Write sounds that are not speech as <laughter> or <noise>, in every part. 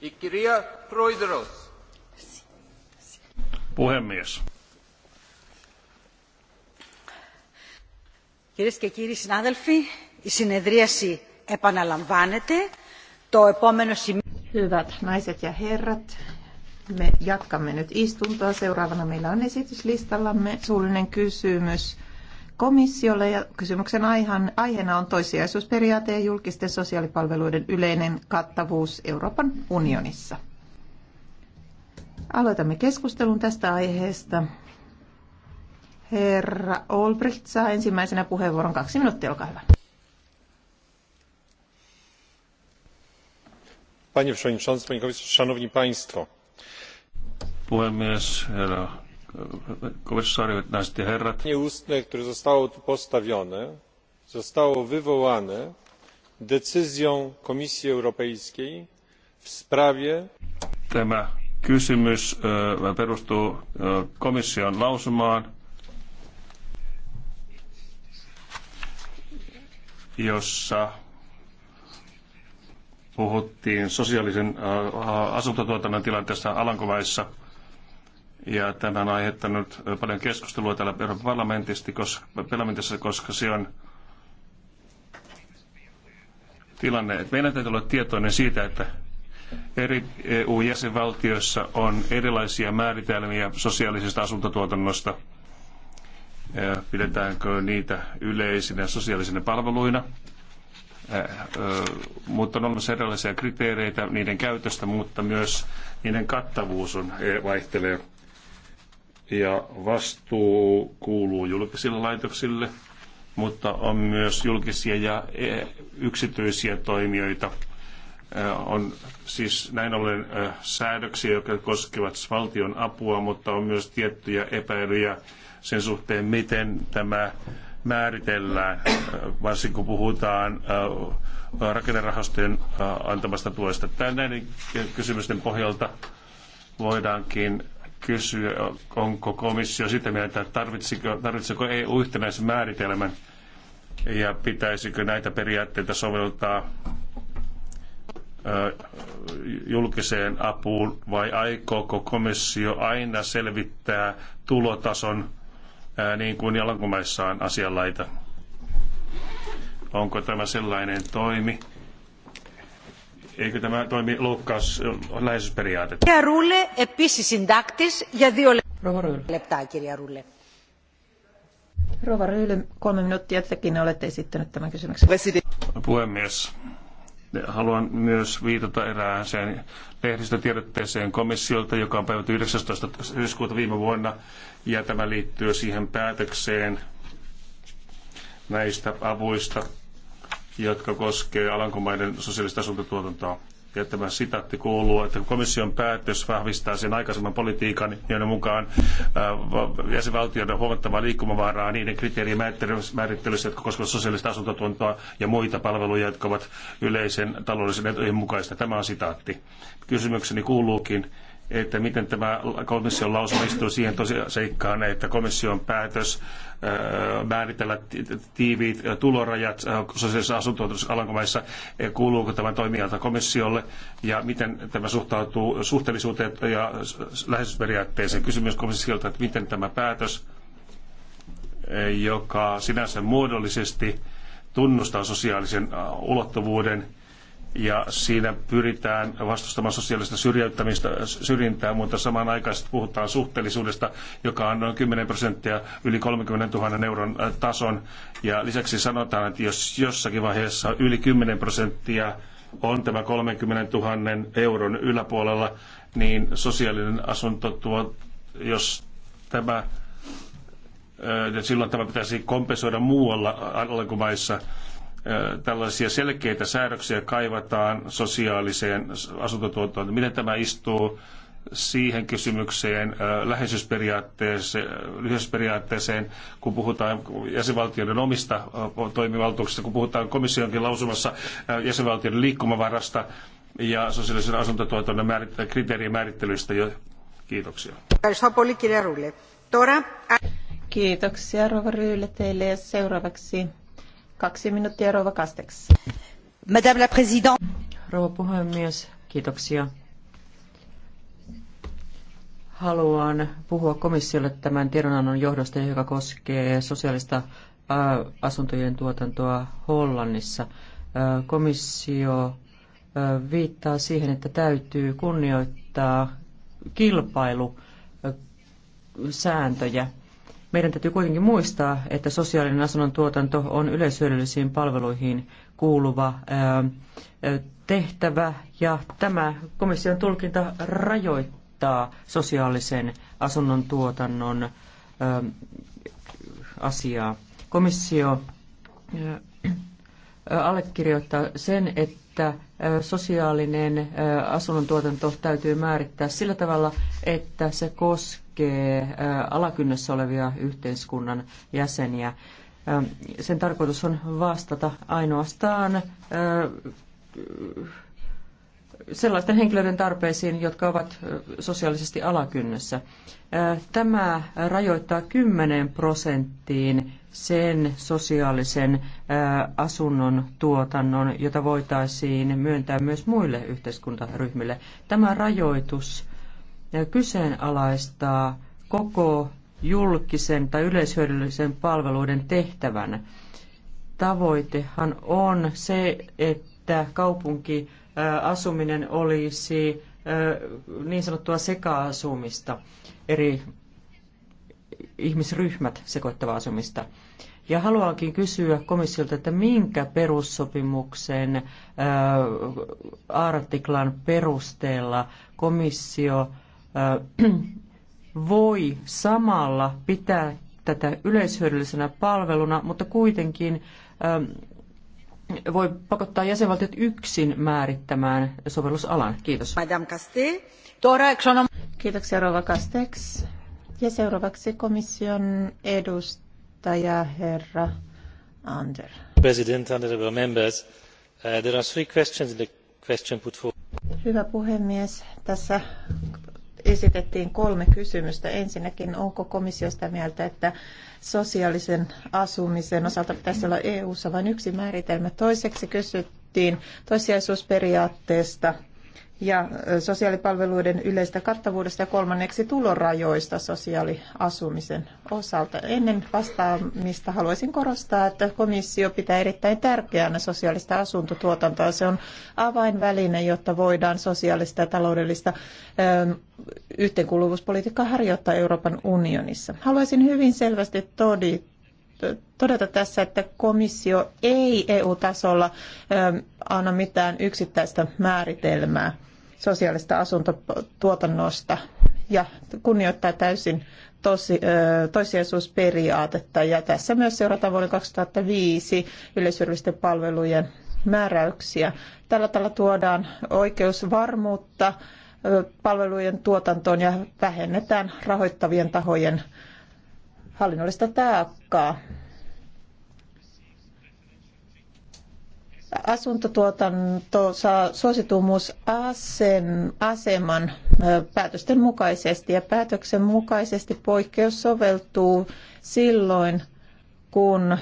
Ikkiria Proideros. Puhemies. Κυρίες και κύριοι συνάδελφοι, η συνεδρίαση Hyvät naiset ja herrat, me jatkamme nyt istuntoa. Seuraavana meillä on esityslistallamme suullinen kysymys komissiolle ja kysymyksen aiheena on toissijaisuusperiaate ja julkisten sosiaalipalveluiden yleinen kattavuus Euroopan unionissa. Aloitamme keskustelun tästä aiheesta. Herra Olbricht saa ensimmäisenä puheenvuoron. Kaksi minuuttia, olkaa hyvä. Panie przewodniczący, panie komisarzu, szanowni państwo. Puhemies, herra nieustne które zostało tu postawione, zostało wywołane decyzją Komisji Europejskiej w sprawie... Tämä kysymys e, perustuu e, komission lausumaan, jossa puhuttiin sosiaalisen asuntotuotannon tilanteesta Alankomaissa – ja tämä on aiheuttanut paljon keskustelua täällä Euroopan parlamentissa, koska, parlamentissa, koska se on tilanne. Että meidän täytyy olla tietoinen siitä, että eri EU-jäsenvaltioissa on erilaisia määritelmiä sosiaalisesta asuntotuotannosta. Pidetäänkö niitä yleisinä sosiaalisina palveluina? mutta on olemassa erilaisia kriteereitä niiden käytöstä, mutta myös niiden kattavuus on, e vaihtelee ja vastuu kuuluu julkisille laitoksille, mutta on myös julkisia ja e, yksityisiä toimijoita. On siis näin ollen säädöksiä, jotka koskevat valtion apua, mutta on myös tiettyjä epäilyjä sen suhteen, miten tämä määritellään, varsinkin kun puhutaan rakennerahastojen antamasta tuesta. Näiden kysymysten pohjalta voidaankin kysyä, onko komissio sitä mieltä, että tarvitsiko, tarvitsiko EU yhtenäisen määritelmän ja pitäisikö näitä periaatteita soveltaa julkiseen apuun vai aikooko komissio aina selvittää tulotason niin kuin jalankomaissaan asianlaita? Onko tämä sellainen toimi, Eikö tämä toimi loukkaus läheisyysperiaatetta? Κυρία Ρούλε, επίσης συντάκτης, για δύο λεπτά, κυρία Ρούλε. Rova Ryyly, kolme minuuttia tekin olette esittänyt tämän kysymyksen. Puhemies, haluan myös viitata erään erääseen lehdistötiedotteeseen komissiolta, joka on päivätty 19. syyskuuta viime vuonna, ja tämä liittyy siihen päätökseen näistä avuista jotka koskee Alankomaiden sosiaalista asuntotuotantoa. Ja tämä sitaatti kuuluu, että komission päätös vahvistaa sen aikaisemman politiikan, joiden mukaan äh, jäsenvaltioiden huomattavaa liikkumavaraa niiden kriteerien määrittelyssä, jotka koskevat sosiaalista asuntotuontoa ja muita palveluja, jotka ovat yleisen taloudellisen etujen mukaista. Tämä on sitaatti. Kysymykseni kuuluukin, että miten tämä komission lausuma istuu siihen tosiseikkaan, että komission päätös äh, määritellä tiiviit tulorajat äh, sosiaalisessa asuntotuotannossa Alankomaissa, äh, kuuluuko tämä toimijalta komissiolle ja miten tämä suhtautuu suhteellisuuteen ja läheisyysperiaatteeseen. Kysymys komissiolta, että miten tämä päätös, joka sinänsä muodollisesti tunnustaa sosiaalisen ulottuvuuden, ja siinä pyritään vastustamaan sosiaalista syrjäyttämistä, syrjintää, mutta samanaikaisesti puhutaan suhteellisuudesta, joka on noin 10 prosenttia yli 30 000 euron äh, tason. Ja lisäksi sanotaan, että jos jossakin vaiheessa yli 10 prosenttia on tämä 30 000 euron yläpuolella, niin sosiaalinen asunto tuo, jos tämä, äh, silloin tämä pitäisi kompensoida muualla alkumaissa tällaisia selkeitä säädöksiä kaivataan sosiaaliseen asuntotuotantoon. Miten tämä istuu siihen kysymykseen, läheisyysperiaatteeseen, kun puhutaan jäsenvaltioiden omista toimivaltuuksista, kun puhutaan komissionkin lausumassa jäsenvaltioiden liikkumavarasta ja sosiaalisen asuntotuotannon kriteerien määrittelyistä. Jo. Kiitoksia. Kiitoksia Rova Ryyle teille ja seuraavaksi Kaksi minuuttia Rova Kasteks. Madame la Présidente. Rouva puhemies, kiitoksia. Haluan puhua komissiolle tämän tiedonannon johdosta, joka koskee sosiaalista äh, asuntojen tuotantoa Hollannissa. Äh, komissio äh, viittaa siihen, että täytyy kunnioittaa kilpailusääntöjä meidän täytyy kuitenkin muistaa, että sosiaalinen asunnon tuotanto on yleishyödyllisiin palveluihin kuuluva tehtävä ja tämä komission tulkinta rajoittaa sosiaalisen asunnon tuotannon asiaa. Komissio <clears throat> allekirjoittaa sen, että että sosiaalinen asunnontuotanto täytyy määrittää sillä tavalla, että se koskee alakynnessä olevia yhteiskunnan jäseniä. Sen tarkoitus on vastata ainoastaan sellaisten henkilöiden tarpeisiin, jotka ovat sosiaalisesti alakynnessä. Tämä rajoittaa 10 prosenttiin sen sosiaalisen asunnon tuotannon, jota voitaisiin myöntää myös muille yhteiskuntaryhmille. Tämä rajoitus kyseenalaistaa koko julkisen tai yleishyödyllisen palveluiden tehtävän. Tavoitehan on se, että kaupunki asuminen olisi niin sanottua sekaasumista, eri ihmisryhmät sekoittavaa asumista. Ja haluankin kysyä komissiolta, että minkä perussopimuksen artiklan perusteella komissio <clears throat> voi samalla pitää tätä yleishyödyllisenä palveluna, mutta kuitenkin voi pakottaa jäsenvaltiot yksin määrittämään sovellusalan. Kiitos. Madame Caste. Kiitoksia Rova Castex. Ja seuraavaksi komission edustaja herra Ander. President, honorable members, uh, there are three questions in the question put forward. Hyvä puhemies. Tässä esitettiin kolme kysymystä. Ensinnäkin, onko komissio sitä mieltä, että sosiaalisen asumisen osalta pitäisi olla EU-ssa vain yksi määritelmä? Toiseksi kysyttiin toissijaisuusperiaatteesta ja sosiaalipalveluiden yleistä kattavuudesta ja kolmanneksi tulorajoista sosiaaliasumisen osalta. Ennen vastaamista haluaisin korostaa, että komissio pitää erittäin tärkeänä sosiaalista asuntotuotantoa. Se on avainväline, jotta voidaan sosiaalista ja taloudellista yhteenkuuluvuuspolitiikkaa harjoittaa Euroopan unionissa. Haluaisin hyvin selvästi todita, todeta tässä, että komissio ei EU-tasolla anna mitään yksittäistä määritelmää sosiaalista asuntotuotannosta ja kunnioittaa täysin tosi, toissijaisuusperiaatetta. Ja tässä myös seurataan vuoden 2005 yleishyödyllisten palvelujen määräyksiä. Tällä tavalla tuodaan oikeusvarmuutta palvelujen tuotantoon ja vähennetään rahoittavien tahojen hallinnollista taakkaa. asuntotuotanto saa aseman päätösten mukaisesti ja päätöksen mukaisesti poikkeus soveltuu silloin, kun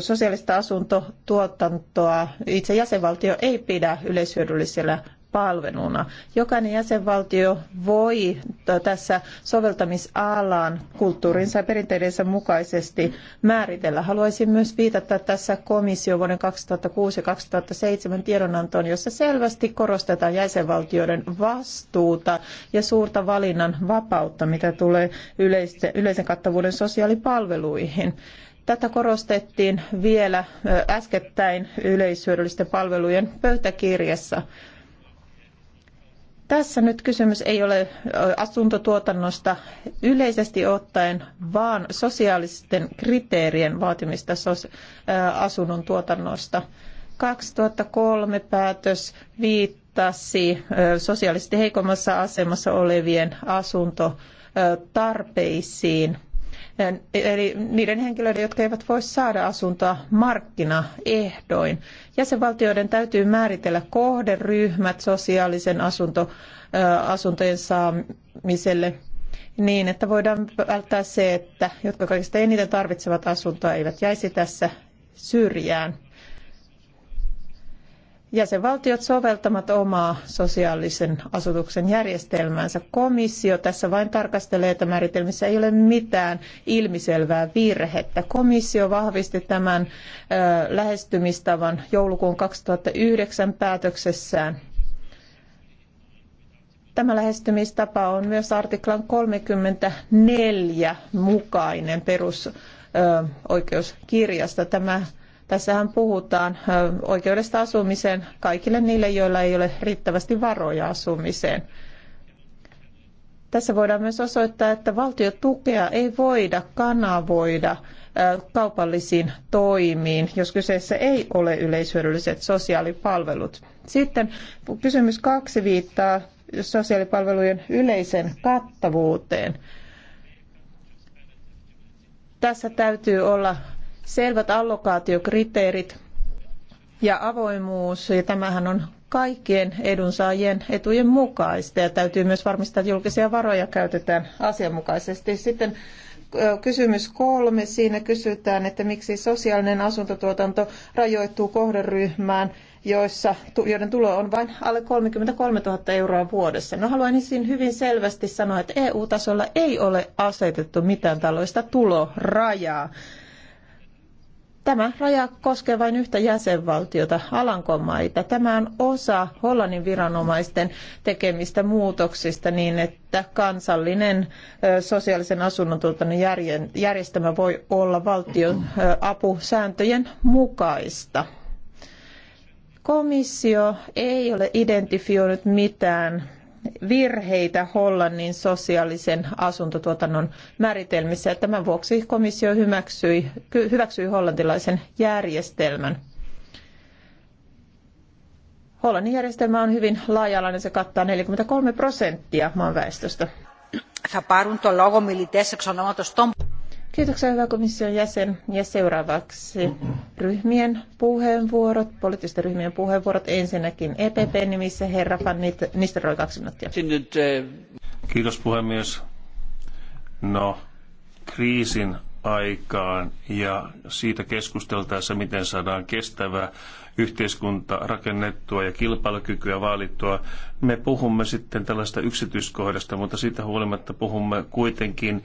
sosiaalista asuntotuotantoa itse jäsenvaltio ei pidä yleishyödyllisellä palveluna. Jokainen jäsenvaltio voi tässä soveltamisalaan kulttuurinsa ja perinteidensä mukaisesti määritellä. Haluaisin myös viitata tässä komissio vuoden 2006 ja 2007 tiedonantoon, jossa selvästi korostetaan jäsenvaltioiden vastuuta ja suurta valinnan vapautta, mitä tulee yleisen kattavuuden sosiaalipalveluihin. Tätä korostettiin vielä äskettäin yleishyödyllisten palvelujen pöytäkirjassa. Tässä nyt kysymys ei ole asuntotuotannosta yleisesti ottaen, vaan sosiaalisten kriteerien vaatimista asunnon tuotannosta. 2003 päätös viittasi sosiaalisesti heikommassa asemassa olevien asuntotarpeisiin eli niiden henkilöiden, jotka eivät voi saada asuntoa markkinaehdoin. Jäsenvaltioiden täytyy määritellä kohderyhmät sosiaalisen asunto, asuntojen saamiselle niin, että voidaan välttää se, että jotka kaikista eniten tarvitsevat asuntoa eivät jäisi tässä syrjään jäsenvaltiot soveltamat omaa sosiaalisen asutuksen järjestelmäänsä. Komissio tässä vain tarkastelee, että määritelmissä ei ole mitään ilmiselvää virhettä. Komissio vahvisti tämän lähestymistavan joulukuun 2009 päätöksessään. Tämä lähestymistapa on myös artiklan 34 mukainen perusoikeuskirjasta. Tämä Tässähän puhutaan oikeudesta asumiseen kaikille niille, joilla ei ole riittävästi varoja asumiseen. Tässä voidaan myös osoittaa, että valtiotukea ei voida kanavoida kaupallisiin toimiin, jos kyseessä ei ole yleishyödylliset sosiaalipalvelut. Sitten kysymys kaksi viittaa sosiaalipalvelujen yleisen kattavuuteen. Tässä täytyy olla selvät allokaatiokriteerit ja avoimuus, ja tämähän on kaikkien edunsaajien etujen mukaista, ja täytyy myös varmistaa, että julkisia varoja käytetään asianmukaisesti. Sitten kysymys kolme, siinä kysytään, että miksi sosiaalinen asuntotuotanto rajoittuu kohderyhmään, joissa, joiden tulo on vain alle 33 000 euroa vuodessa. No haluan ensin hyvin selvästi sanoa, että EU-tasolla ei ole asetettu mitään tällaista tulorajaa. Tämä raja koskee vain yhtä jäsenvaltiota, Alankomaita. Tämä on osa Hollannin viranomaisten tekemistä muutoksista niin, että kansallinen sosiaalisen asunnon järjestelmä voi olla valtion apusääntöjen mukaista. Komissio ei ole identifioinut mitään virheitä Hollannin sosiaalisen asuntotuotannon määritelmissä ja tämän vuoksi komissio hyväksyi, hyväksyi hollantilaisen järjestelmän. Hollannin järjestelmä on hyvin laaja-alainen, se kattaa 43 prosenttia maan väestöstä. Θα πάρουν το λόγο μιλητές των Kiitoksia hyvä komission jäsen. Ja seuraavaksi ryhmien puheenvuorot, poliittisten ryhmien puheenvuorot. Ensinnäkin EPP-nimissä herra Van Nistelrooy, kaksi minuuttia. Kiitos puhemies. No, kriisin aikaan ja siitä keskusteltaessa, miten saadaan kestävä yhteiskunta rakennettua ja kilpailukykyä vaalittua. Me puhumme sitten tällaista yksityiskohdasta, mutta siitä huolimatta puhumme kuitenkin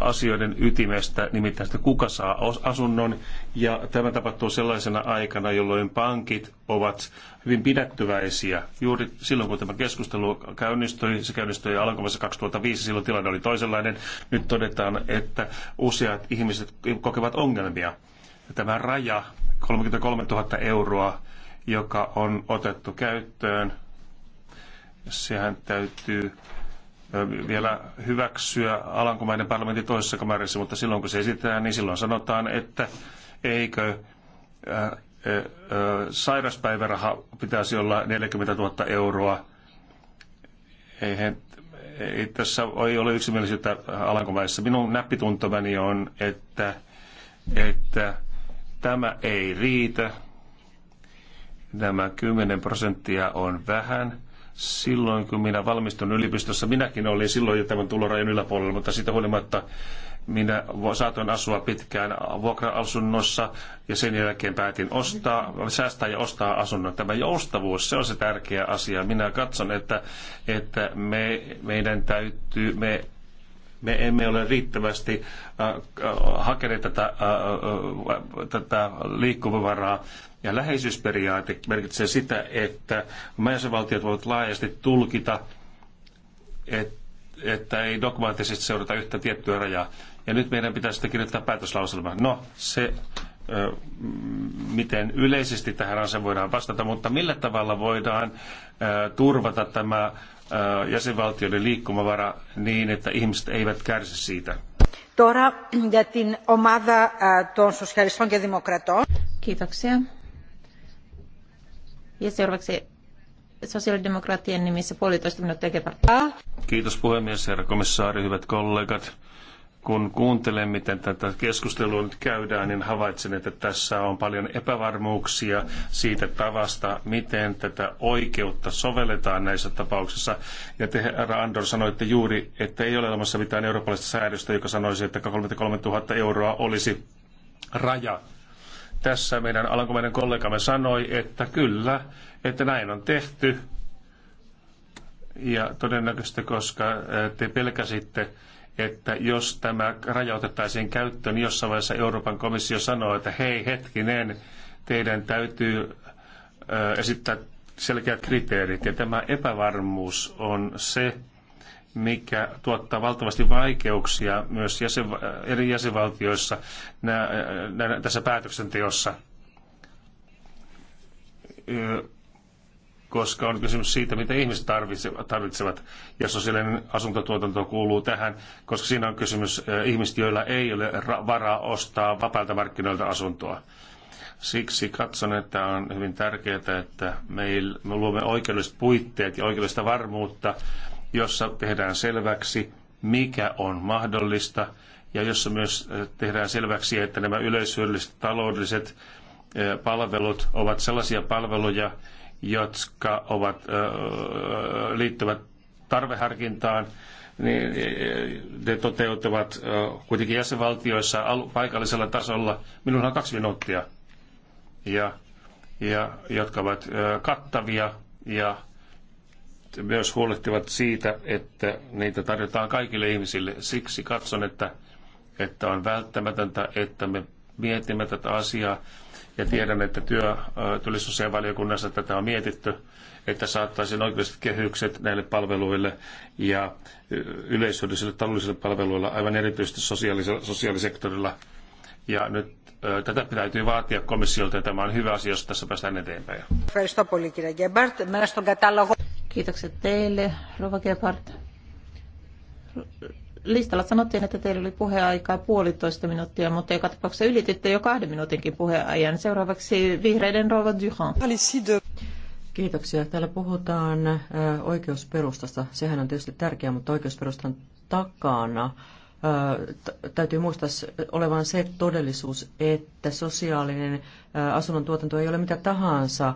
asioiden ytimestä, nimittäin sitä kuka saa asunnon. Ja tämä tapahtuu sellaisena aikana, jolloin pankit ovat hyvin pidättyväisiä. Juuri silloin, kun tämä keskustelu käynnistyi, se käynnistyi alkuvassa 2005, silloin tilanne oli toisenlainen. Nyt todetaan, että useat ihmiset kokevat ongelmia. Tämä raja 33 000 euroa, joka on otettu käyttöön. Sehän täytyy vielä hyväksyä Alankomaiden parlamentin toisessa kamarissa, mutta silloin kun se esitetään, niin silloin sanotaan, että eikö äh, sairaspäiväraha pitäisi olla 40 000 euroa. Eihän, ei tässä ei ole yksimielisyyttä Alankomaissa. Minun näppituntomani on, että, että Tämä ei riitä. Nämä 10 prosenttia on vähän. Silloin kun minä valmistun yliopistossa, minäkin olin silloin jo tämän tulorajan yläpuolella, mutta siitä huolimatta minä saatoin asua pitkään vuokra-asunnossa ja sen jälkeen päätin ostaa, säästää ja ostaa asunnon. Tämä joustavuus, se on se tärkeä asia. Minä katson, että, että me, meidän täytyy, me me emme ole riittävästi äh, äh, hakeneet tätä, äh, tätä liikkuvavaraa. Ja läheisyysperiaate merkitsee sitä, että jäsenvaltiot voivat laajasti tulkita, että ei dogmaattisesti seurata yhtä tiettyä rajaa. Ja nyt meidän pitäisi sitten kirjoittaa päätöslauselma. No, se miten yleisesti tähän asiaan voidaan vastata, mutta millä tavalla voidaan turvata tämä jäsenvaltioiden liikkumavara niin, että ihmiset eivät kärsi siitä. Τώρα για την ομάδα των Σοσιαλιστών και Δημοκρατών. Kiitoksia. Ja seuraavaksi sosiaalidemokraattien nimissä puolitoista minuuttia Gebhardt. Kiitos puhemies, herra komissaari, hyvät kollegat kun kuuntelen, miten tätä keskustelua nyt käydään, niin havaitsen, että tässä on paljon epävarmuuksia siitä tavasta, miten tätä oikeutta sovelletaan näissä tapauksissa. Ja te, herra Andor, sanoitte juuri, että ei ole olemassa mitään eurooppalaista säädöstä, joka sanoisi, että 33 000 euroa olisi raja. Tässä meidän alankomainen kollegamme sanoi, että kyllä, että näin on tehty. Ja todennäköisesti, koska eh, te pelkäsitte, että jos tämä raja otettaisiin käyttöön, niin jossain vaiheessa Euroopan komissio sanoo, että hei hetkinen, teidän täytyy esittää selkeät kriteerit. Ja tämä epävarmuus on se, mikä tuottaa valtavasti vaikeuksia myös jäsen, eri jäsenvaltioissa nä, nä, tässä päätöksenteossa koska on kysymys siitä, mitä ihmiset tarvitsevat. Ja sosiaalinen asuntotuotanto kuuluu tähän, koska siinä on kysymys ihmistä, joilla ei ole varaa ostaa vapailta markkinoilta asuntoa. Siksi katson, että on hyvin tärkeää, että meillä, me luomme oikeudelliset puitteet ja oikeudellista varmuutta, jossa tehdään selväksi, mikä on mahdollista, ja jossa myös tehdään selväksi, että nämä yleishyödylliset taloudelliset palvelut ovat sellaisia palveluja, jotka ovat, liittyvät tarveharkintaan, niin e, e, ne toteutuvat kuitenkin jäsenvaltioissa paikallisella tasolla. Minulla on kaksi minuuttia, ja, ja, jotka ovat kattavia ja myös huolehtivat siitä, että niitä tarjotaan kaikille ihmisille. Siksi katson, että, että on välttämätöntä, että me mietimme tätä asiaa ja tiedän, että työ, valiokunnassa tätä on mietitty, että saattaisiin oikeudelliset kehykset näille palveluille ja yleisöllisille taloudellisille palveluille, aivan erityisesti sosiaalisektorilla. Ja nyt tätä täytyy vaatia komissiolta ja tämä on hyvä asia, jos tässä päästään eteenpäin. Kiitokset teille, Rova Gebhardt listalla sanottiin, että teillä oli puheaikaa puolitoista minuuttia, mutta joka tapauksessa ylititte jo kahden minuutinkin puheajan. Seuraavaksi vihreiden Rova Duhan. Kiitoksia. Täällä puhutaan oikeusperustasta. Sehän on tietysti tärkeää, mutta oikeusperustan takana täytyy muistaa olevan se todellisuus, että sosiaalinen asunnon tuotanto ei ole mitä tahansa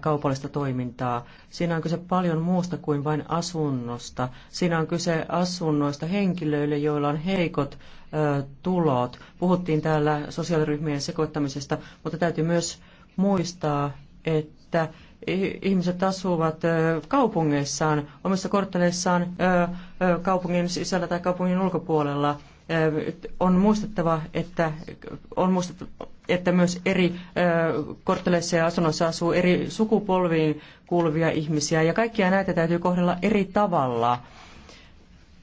kaupallista toimintaa. Siinä on kyse paljon muusta kuin vain asunnosta. Siinä on kyse asunnoista henkilöille, joilla on heikot tulot. Puhuttiin täällä sosiaaliryhmien sekoittamisesta, mutta täytyy myös muistaa, että ihmiset asuvat kaupungeissaan, omissa kortteleissaan kaupungin sisällä tai kaupungin ulkopuolella. On muistettava, että, on muistettava, että myös eri kortteleissa ja asunnoissa asuu eri sukupolviin kuuluvia ihmisiä ja kaikkia näitä täytyy kohdella eri tavalla.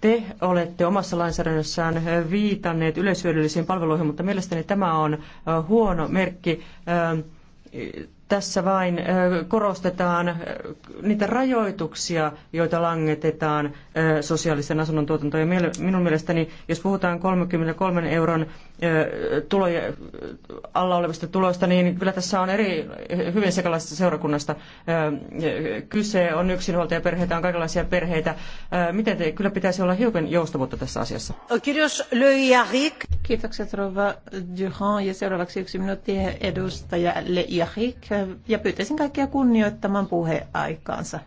Te olette omassa lainsäädännössään viitanneet yleishyödyllisiin palveluihin, mutta mielestäni tämä on huono merkki tässä vain korostetaan niitä rajoituksia, joita langetetaan sosiaalisen asunnon tuotantoon. Minun mielestäni, jos puhutaan 33 euron tuloja, alla olevista tuloista, niin kyllä tässä on eri, hyvin sekalaisesta seurakunnasta kyse. On yksinhuoltajaperheitä, on kaikenlaisia perheitä. Miten te, kyllä pitäisi olla hiukan joustavuutta tässä asiassa? Kirjos Löijärik. Kiitokset Rova Duhon ja seuraavaksi yksi minuutti edustaja Le Yahik, ja pyytäisin kaikkia kunnioittamaan puheaikaansa.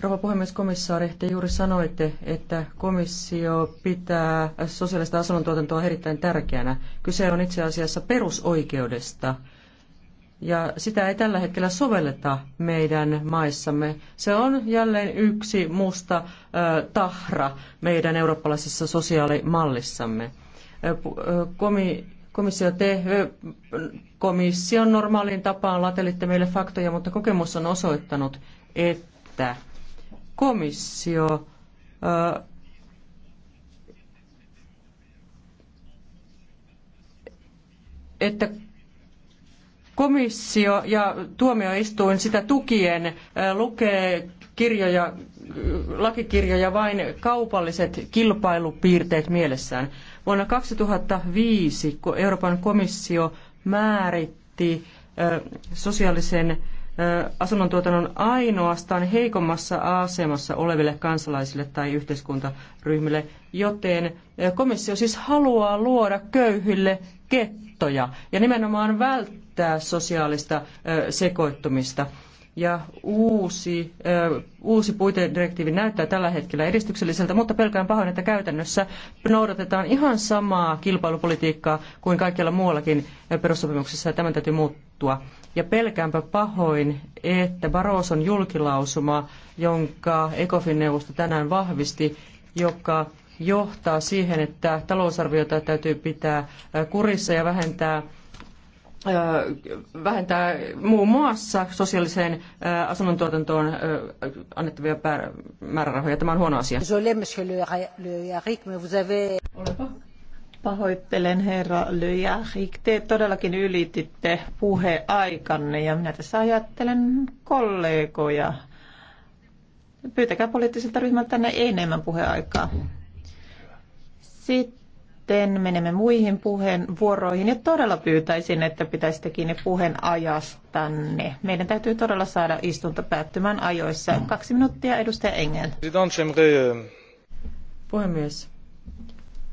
Rouva puhemies, komissaari, te juuri sanoitte, että komissio pitää sosiaalista asunnontuotantoa erittäin tärkeänä. Kyse on itse asiassa perusoikeudesta, ja sitä ei tällä hetkellä sovelleta meidän maissamme. Se on jälleen yksi musta ö, tahra meidän eurooppalaisessa sosiaalimallissamme komi, komissio te komission normaaliin tapaan latelitte meille faktoja, mutta kokemus on osoittanut, että komissio että komissio ja tuomioistuin sitä tukien lukee kirjoja, lakikirjoja vain kaupalliset kilpailupiirteet mielessään. Vuonna 2005 Euroopan komissio määritti sosiaalisen asunnontuotannon ainoastaan heikommassa asemassa oleville kansalaisille tai yhteiskuntaryhmille, joten komissio siis haluaa luoda köyhille kettoja ja nimenomaan välttää sosiaalista sekoittumista ja uusi, ö, uusi puitedirektiivi näyttää tällä hetkellä edistykselliseltä, mutta pelkään pahoin, että käytännössä noudatetaan ihan samaa kilpailupolitiikkaa kuin kaikkialla muuallakin perussopimuksessa, ja tämän täytyy muuttua. Ja pelkäänpä pahoin, että Baroson julkilausuma, jonka ECOFIN-neuvosto tänään vahvisti, joka johtaa siihen, että talousarviota täytyy pitää kurissa ja vähentää – vähentää muun muassa sosiaaliseen asunnontuotantoon annettavia määrärahoja. Tämä on huono asia. Pahoittelen, herra Lyjähik. Te todellakin ylititte puheaikanne ja minä tässä ajattelen kollegoja. Pyytäkää poliittiselta ryhmältä tänne enemmän puheaikaa. Sitten sitten menemme muihin puheenvuoroihin ja todella pyytäisin, että pitäisitte kiinni puheen ajastanne. Meidän täytyy todella saada istunto päättymään ajoissa. Kaksi minuuttia, edustaja Engel. Euh, Puhemies,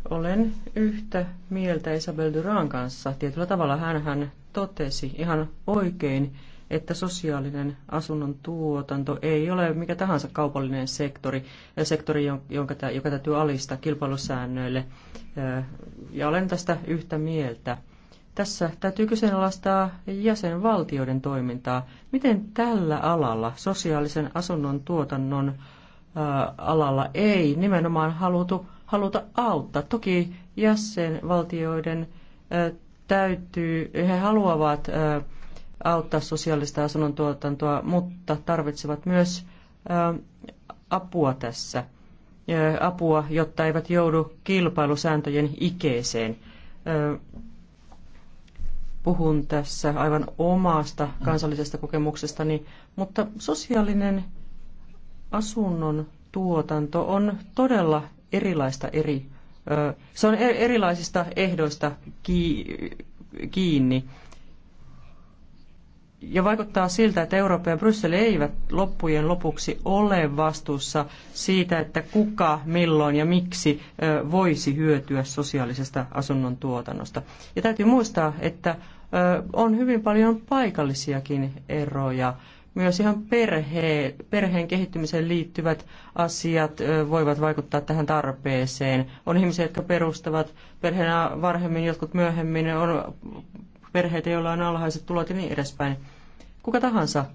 olen yhtä mieltä Isabel Duran kanssa. Tietyllä tavalla hän, hän totesi ihan oikein, että sosiaalinen asunnon tuotanto ei ole mikä tahansa kaupallinen sektori, sektori jonka, joka täytyy alistaa kilpailusäännöille. Ja olen tästä yhtä mieltä. Tässä täytyy kyseenalaistaa jäsenvaltioiden toimintaa. Miten tällä alalla, sosiaalisen asunnon tuotannon alalla, ei nimenomaan halutu, haluta auttaa? Toki jäsenvaltioiden täytyy, he haluavat auttaa sosiaalista asunnon tuotantoa, mutta tarvitsevat myös apua tässä, apua, jotta eivät joudu kilpailusääntöjen ikeeseen. Puhun tässä aivan omasta kansallisesta kokemuksestani, mutta sosiaalinen asunnon tuotanto on todella erilaista eri, se on e-, erilaisista ehdoista kiinni ja vaikuttaa siltä, että Eurooppa ja Bryssel eivät loppujen lopuksi ole vastuussa siitä, että kuka, milloin ja miksi voisi hyötyä sosiaalisesta asunnon tuotannosta. Ja täytyy muistaa, että on hyvin paljon paikallisiakin eroja. Myös ihan perhe, perheen kehittymiseen liittyvät asiat voivat vaikuttaa tähän tarpeeseen. On ihmisiä, jotka perustavat perheenä varhemmin, jotkut myöhemmin. On perheitä, joilla on alhaiset tulot ja niin edespäin. Kuka tahansa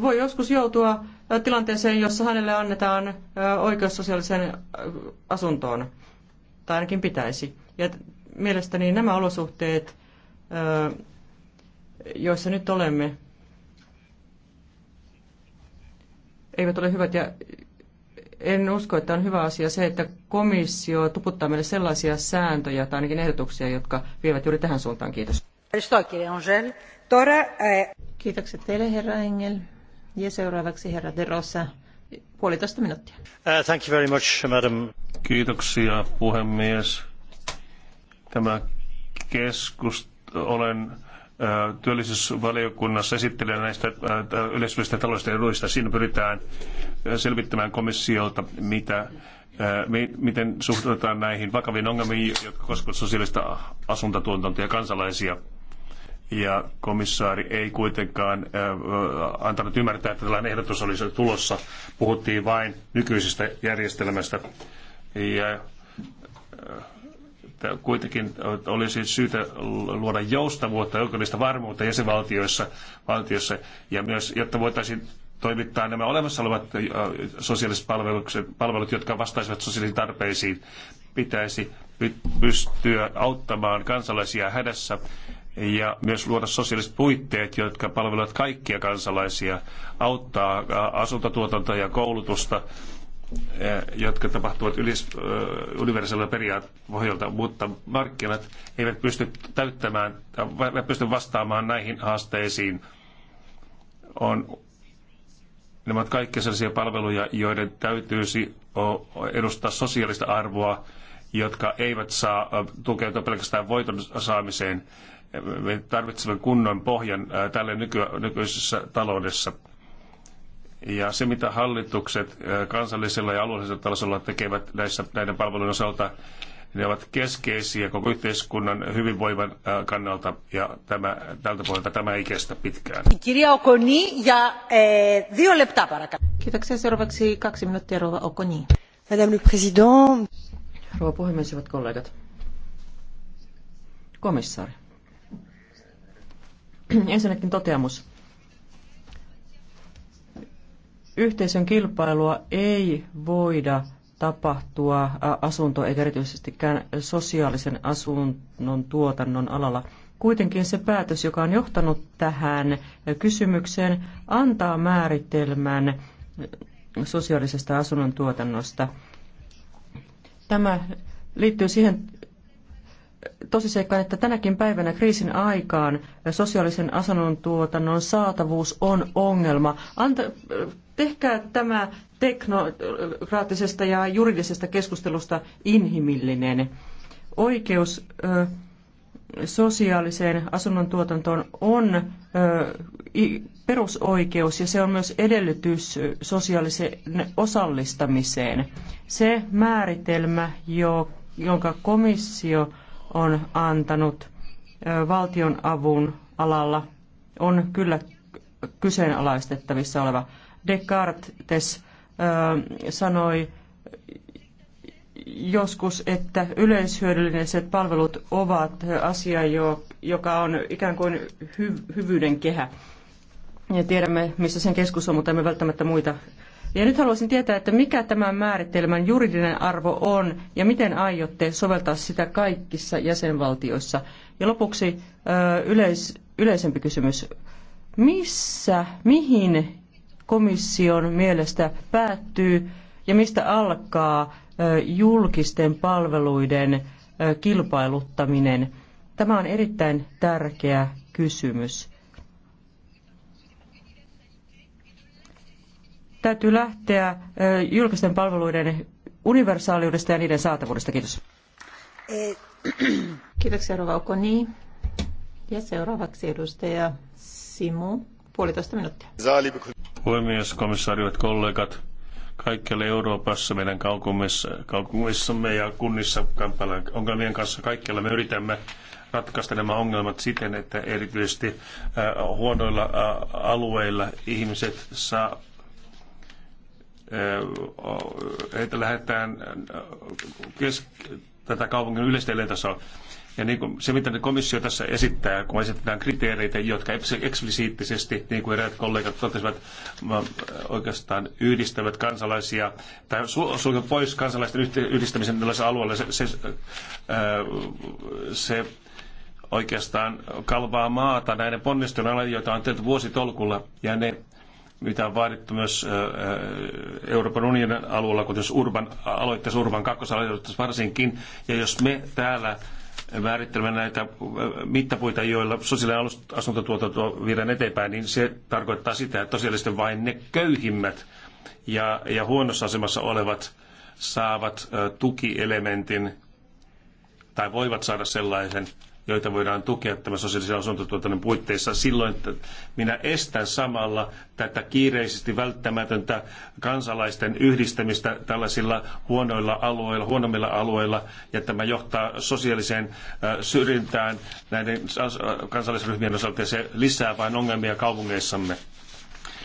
voi joskus joutua äh, tilanteeseen, jossa hänelle annetaan äh, oikeus sosiaaliseen äh, asuntoon, tai ainakin pitäisi. Ja mielestäni nämä olosuhteet, joissa nyt olemme, eivät ole hyvät ja en usko, että on hyvä asia se, että komissio tuputtaa meille sellaisia sääntöjä tai ainakin ehdotuksia, jotka vievät juuri tähän suuntaan. Kiitos. Kiitokset teille, herra Engel. Ja seuraavaksi herra De Rosa, puolitoista minuuttia. Uh, thank you very much, madam. Kiitoksia, puhemies. Tämä keskustelu, olen työllisyysvaliokunnassa esittelee näistä yleisöllisistä taloudellisista eduista. Siinä pyritään selvittämään komissiolta, mitä miten suhtaudutaan näihin vakaviin ongelmiin, jotka koskevat sosiaalista asuntotuotantoa ja kansalaisia. Ja komissaari ei kuitenkaan antanut ymmärtää, että tällainen ehdotus olisi tulossa. Puhuttiin vain nykyisestä järjestelmästä. Ja kuitenkin olisi syytä luoda joustavuutta ja oikeudellista varmuutta jäsenvaltioissa valtioissa, ja myös, jotta voitaisiin toimittaa nämä olemassa olevat äh, sosiaaliset palvelut, jotka vastaisivat sosiaalisiin tarpeisiin, pitäisi pystyä auttamaan kansalaisia hädässä ja myös luoda sosiaaliset puitteet, jotka palvelevat kaikkia kansalaisia, auttaa äh, asuntotuotantoa ja koulutusta jotka tapahtuvat ylis, universaalilla periaatteella mutta markkinat eivät pysty täyttämään, eivät pysty vastaamaan näihin haasteisiin. On, nämä ovat kaikki sellaisia palveluja, joiden täytyisi edustaa sosiaalista arvoa, jotka eivät saa tukeutua pelkästään voiton saamiseen. Me tarvitsemme kunnon pohjan tälle nyky, nykyisessä taloudessa ja se, mitä hallitukset kansallisella ja alueellisella tasolla tekevät näissä, näiden palvelujen osalta, ne ovat keskeisiä koko yhteiskunnan hyvinvoivan kannalta ja tämä, tältä pohjalta tämä ei kestä pitkään. Kirja Okoni ja Kiitoksia. Seuraavaksi kaksi minuuttia Rova Okoni. Madame le Président. Rouva puhemies, hyvät kollegat. Komissaari. Ensinnäkin toteamus yhteisön kilpailua ei voida tapahtua asunto- eikä erityisestikään sosiaalisen asunnon tuotannon alalla. Kuitenkin se päätös, joka on johtanut tähän kysymykseen, antaa määritelmän sosiaalisesta asunnon tuotannosta. Tämä liittyy siihen tosiseikkaan, että tänäkin päivänä kriisin aikaan sosiaalisen asunnon tuotannon saatavuus on ongelma. Anta, Tehkää tämä teknokraattisesta ja juridisesta keskustelusta inhimillinen. Oikeus ö, sosiaaliseen asunnon tuotantoon on ö, perusoikeus ja se on myös edellytys sosiaaliseen osallistamiseen. Se määritelmä, jo, jonka komissio on antanut ö, valtion avun alalla, on kyllä kyseenalaistettavissa oleva Descartes sanoi joskus, että yleishyödylliset palvelut ovat asia, joka on ikään kuin hy- hyvyyden kehä. Ja tiedämme, missä sen keskus on, mutta emme välttämättä muita. Ja nyt haluaisin tietää, että mikä tämän määritelmän juridinen arvo on ja miten aiotte soveltaa sitä kaikissa jäsenvaltioissa. Ja lopuksi yleis- yleisempi kysymys. Missä, mihin komission mielestä päättyy ja mistä alkaa julkisten palveluiden kilpailuttaminen? Tämä on erittäin tärkeä kysymys. Täytyy lähteä julkisten palveluiden universaaliudesta ja niiden saatavuudesta. Kiitos. Kiitoksia Rova Okoni. Ja seuraavaksi edustaja Simu puolitoista minuuttia. Puhemies, komissaari, kollegat. Kaikkialla Euroopassa, meidän kaupungissamme ja kunnissa Kampalan ongelmien kanssa, kaikkialla me yritämme ratkaista nämä ongelmat siten, että erityisesti äh, huonoilla äh, alueilla ihmiset saa äh, heitä lähdetään tätä kaupungin yleistä elintasoa. Ja niin kuin se, mitä komissio tässä esittää, kun esitetään kriteereitä, jotka eksplisiittisesti, niin kuin eräät kollegat totesivat, oikeastaan yhdistävät kansalaisia, tai sulkevat pois kansalaisten yhdistämisen tällaisella alueella, se, se, se oikeastaan kalvaa maata näiden ponnistelujen joita on tehty vuositolkulla, ja ne mitä on vaadittu myös Euroopan unionin alueella, kuten Urban aloittaisi, Urban kakkosaloittaisi varsinkin. Ja jos me täällä määrittelemään näitä äh, mittapuita, joilla sosiaalinen asuntotuotanto viedään eteenpäin, niin se tarkoittaa sitä, että tosiaalisesti vain ne köyhimmät ja, ja huonossa asemassa olevat saavat äh, tukielementin tai voivat saada sellaisen joita voidaan tukea tämän sosiaalisen asuntotuotannon puitteissa. Silloin että minä estän samalla tätä kiireisesti välttämätöntä kansalaisten yhdistämistä tällaisilla huonoilla alueilla, huonommilla alueilla, ja tämä johtaa sosiaaliseen syrjintään näiden kansalaisryhmien osalta, ja se lisää vain ongelmia kaupungeissamme.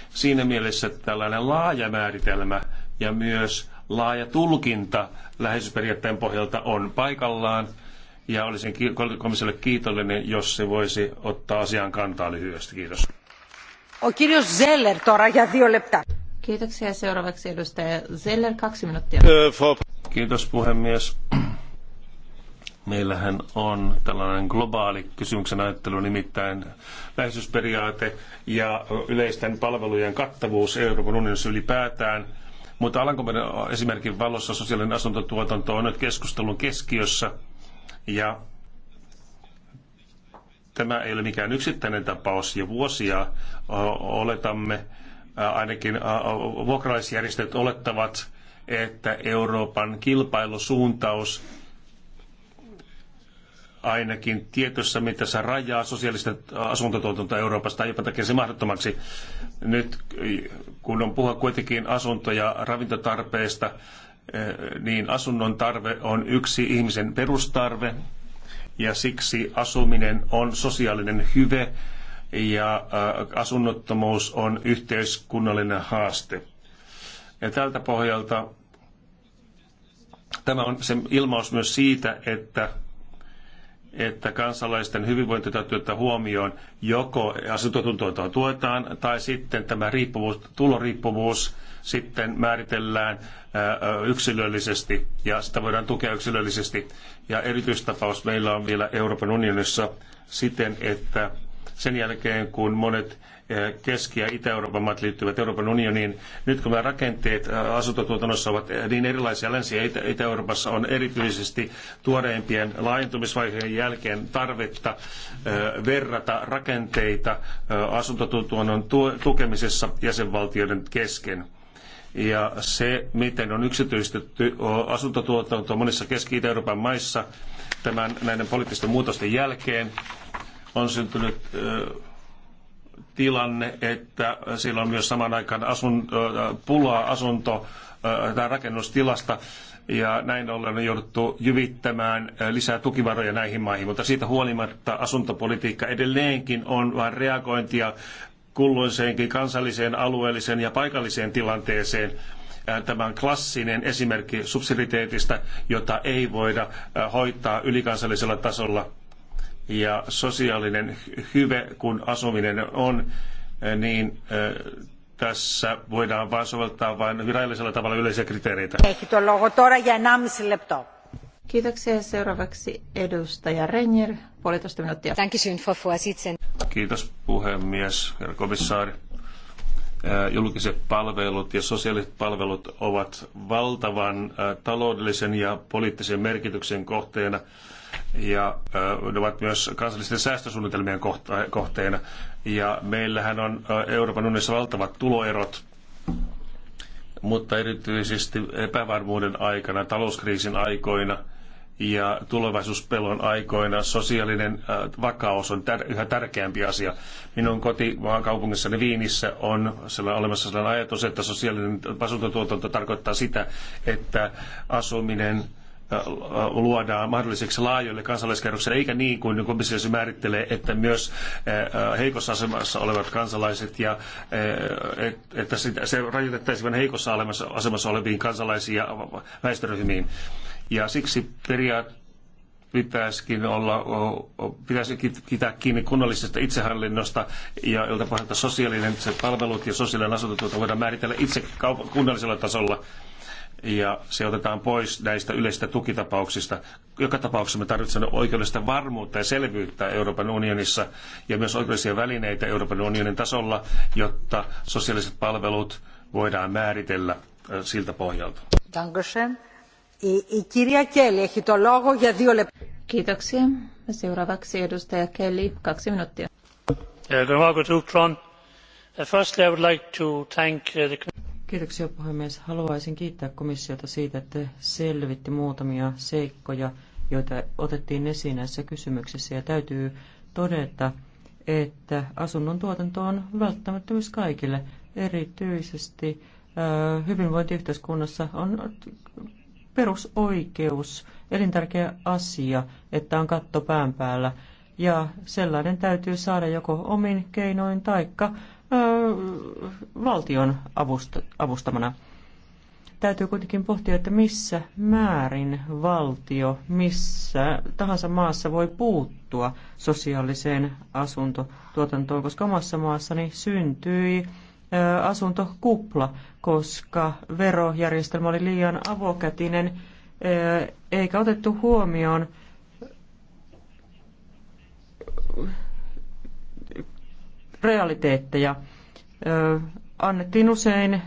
Siinä mielessä tällainen laaja määritelmä ja myös laaja tulkinta läheisyysperiaatteen pohjalta on paikallaan ja olisin komissiolle kiitollinen, jos se voisi ottaa asian kantaa lyhyesti. Kiitos. O Zeller, tora ja Kiitoksia. Seuraavaksi edustaja Zeller, kaksi minuuttia. Kiitos puhemies. <clears throat> Meillähän on tällainen globaali kysymyksen ajattelu, nimittäin läheisyysperiaate ja yleisten palvelujen kattavuus Euroopan unionissa ylipäätään – mutta Alankomainen esimerkin valossa sosiaalinen asuntotuotanto on nyt keskustelun keskiössä ja tämä ei ole mikään yksittäinen tapaus ja vuosia oletamme, ainakin vuokralaisjärjestöt olettavat, että Euroopan kilpailusuuntaus ainakin tietyssä mitassa rajaa sosiaalista asuntotuotantoa Euroopasta tai jopa takia se mahdottomaksi. Nyt kun on puhua kuitenkin asunto- ja ravintotarpeesta, niin asunnon tarve on yksi ihmisen perustarve ja siksi asuminen on sosiaalinen hyve ja asunnottomuus on yhteiskunnallinen haaste. Ja tältä pohjalta tämä on se ilmaus myös siitä, että että kansalaisten hyvinvointi täytyy ottaa huomioon joko asuntotuntoa tuetaan tai sitten tämä riippuvuus, tuloriippuvuus sitten määritellään yksilöllisesti ja sitä voidaan tukea yksilöllisesti. Ja erityistapaus meillä on vielä Euroopan unionissa siten, että sen jälkeen, kun monet eh, Keski- ja Itä-Euroopan maat liittyvät Euroopan unioniin. Nyt kun nämä rakenteet eh, asuntotuotannossa ovat eh, niin erilaisia, Länsi- ja Itä-Euroopassa on erityisesti tuoreimpien laajentumisvaiheen jälkeen tarvetta verrata rakenteita asuntotuotannon tukemisessa jäsenvaltioiden kesken ja se, miten on yksityistetty asuntotuotanto monissa Keski-Itä-Euroopan maissa tämän, näiden poliittisten muutosten jälkeen, on syntynyt tilanne, että siellä on myös saman aikaan asun, pulaa asunto- tai rakennustilasta, ja näin ollen on jouduttu jyvittämään lisää tukivaroja näihin maihin, mutta siitä huolimatta asuntopolitiikka edelleenkin on vain reagointia kulloiseenkin kansalliseen, alueelliseen ja paikalliseen tilanteeseen. Tämä on klassinen esimerkki subsiditeetistä, jota ei voida hoitaa ylikansallisella tasolla ja sosiaalinen hyve, kun asuminen on, eh, niin eh, tässä voidaan vain soveltaa vain virallisella tavalla yleisiä kriteereitä. Kiitoksia. Seuraavaksi edustaja Renjer, puolitoista minuuttia. Kiitos puhemies, herra komissaari julkiset palvelut ja sosiaaliset palvelut ovat valtavan taloudellisen ja poliittisen merkityksen kohteena ja ne ovat myös kansallisten säästösuunnitelmien kohteena. Ja meillähän on Euroopan unionissa valtavat tuloerot, mutta erityisesti epävarmuuden aikana, talouskriisin aikoina – ja tulevaisuuspelon aikoina sosiaalinen äh, vakaus on tär- yhä tärkeämpi asia. Minun kotimaan kaupungissani Viinissä on sellainen, olemassa sellainen ajatus, että sosiaalinen asuntotuotanto tarkoittaa sitä, että asuminen äh, luodaan mahdolliseksi laajoille kansalaiskerroksille, eikä niin kuin komissio määrittelee, että myös äh, heikossa asemassa olevat kansalaiset ja että se rajoitettaisiin vain heikossa asemassa oleviin kansalaisiin ja väestöryhmiin. Ja siksi periaatteessa pitäisikin olla, pitäisi pitää kiinni kunnallisesta itsehallinnosta ja jolta pohjalta sosiaalinen se palvelut ja sosiaalinen asuntotuotanto voidaan määritellä itse kunnallisella tasolla ja se otetaan pois näistä yleisistä tukitapauksista. Joka tapauksessa me tarvitsemme oikeudellista varmuutta ja selvyyttä Euroopan unionissa ja myös oikeudellisia välineitä Euroopan unionin tasolla, jotta sosiaaliset palvelut voidaan määritellä siltä pohjalta. Dankeschön. Η κυρία Κέλλη έχει Kiitoksia. Seuraavaksi edustaja Kelly, kaksi minuuttia. Firstly, I would like to thank the... Kiitoksia puhemies. Haluaisin kiittää komissiota siitä, että selvitti muutamia seikkoja, joita otettiin esiin näissä kysymyksissä. Ja täytyy todeta, että asunnon tuotanto on välttämättömyys kaikille, erityisesti hyvinvointiyhteiskunnassa on perusoikeus, elintärkeä asia, että on katto pään päällä. Ja sellainen täytyy saada joko omin keinoin taikka valtion avust- avustamana. Täytyy kuitenkin pohtia, että missä määrin valtio missä tahansa maassa voi puuttua sosiaaliseen asuntotuotantoon, koska omassa maassani syntyi asuntokupla, koska verojärjestelmä oli liian avokätinen eikä otettu huomioon realiteetteja. Annettiin usein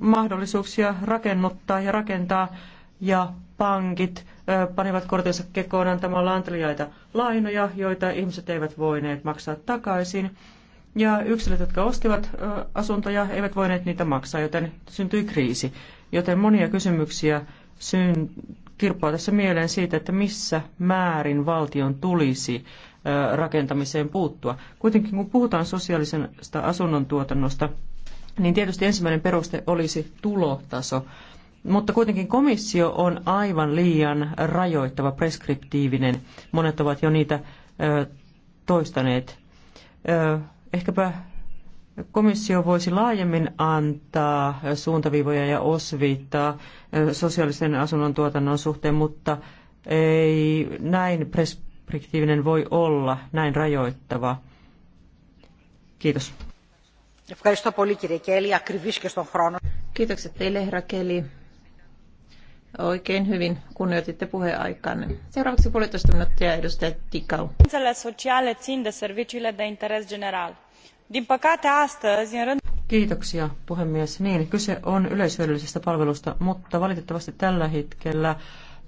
mahdollisuuksia rakennuttaa ja rakentaa ja pankit panivat kortinsa kekoon antamalla anteliaita lainoja, joita ihmiset eivät voineet maksaa takaisin ja yksilöt, jotka ostivat asuntoja, eivät voineet niitä maksaa, joten syntyi kriisi. Joten monia kysymyksiä syn, kirppaa tässä mieleen siitä, että missä määrin valtion tulisi rakentamiseen puuttua. Kuitenkin kun puhutaan sosiaalisesta asunnontuotannosta, niin tietysti ensimmäinen peruste olisi tulotaso. Mutta kuitenkin komissio on aivan liian rajoittava, preskriptiivinen. Monet ovat jo niitä toistaneet. Ehkäpä komissio voisi laajemmin antaa suuntaviivoja ja osviittaa sosiaalisen asunnon tuotannon suhteen, mutta ei näin perspektiivinen voi olla, näin rajoittava. Kiitos. Kiitokset teille, herra Keli. Oikein hyvin kunnioititte puheaikaan. Seuraavaksi puolitoista minuuttia edustaja Tikau. sociale țin de serviciile de interes general. Din păcate astăzi, în rând... Kiitoksia puhemies. Niin, kyse on yleishyödyllisestä palvelusta, mutta valitettavasti tällä hetkellä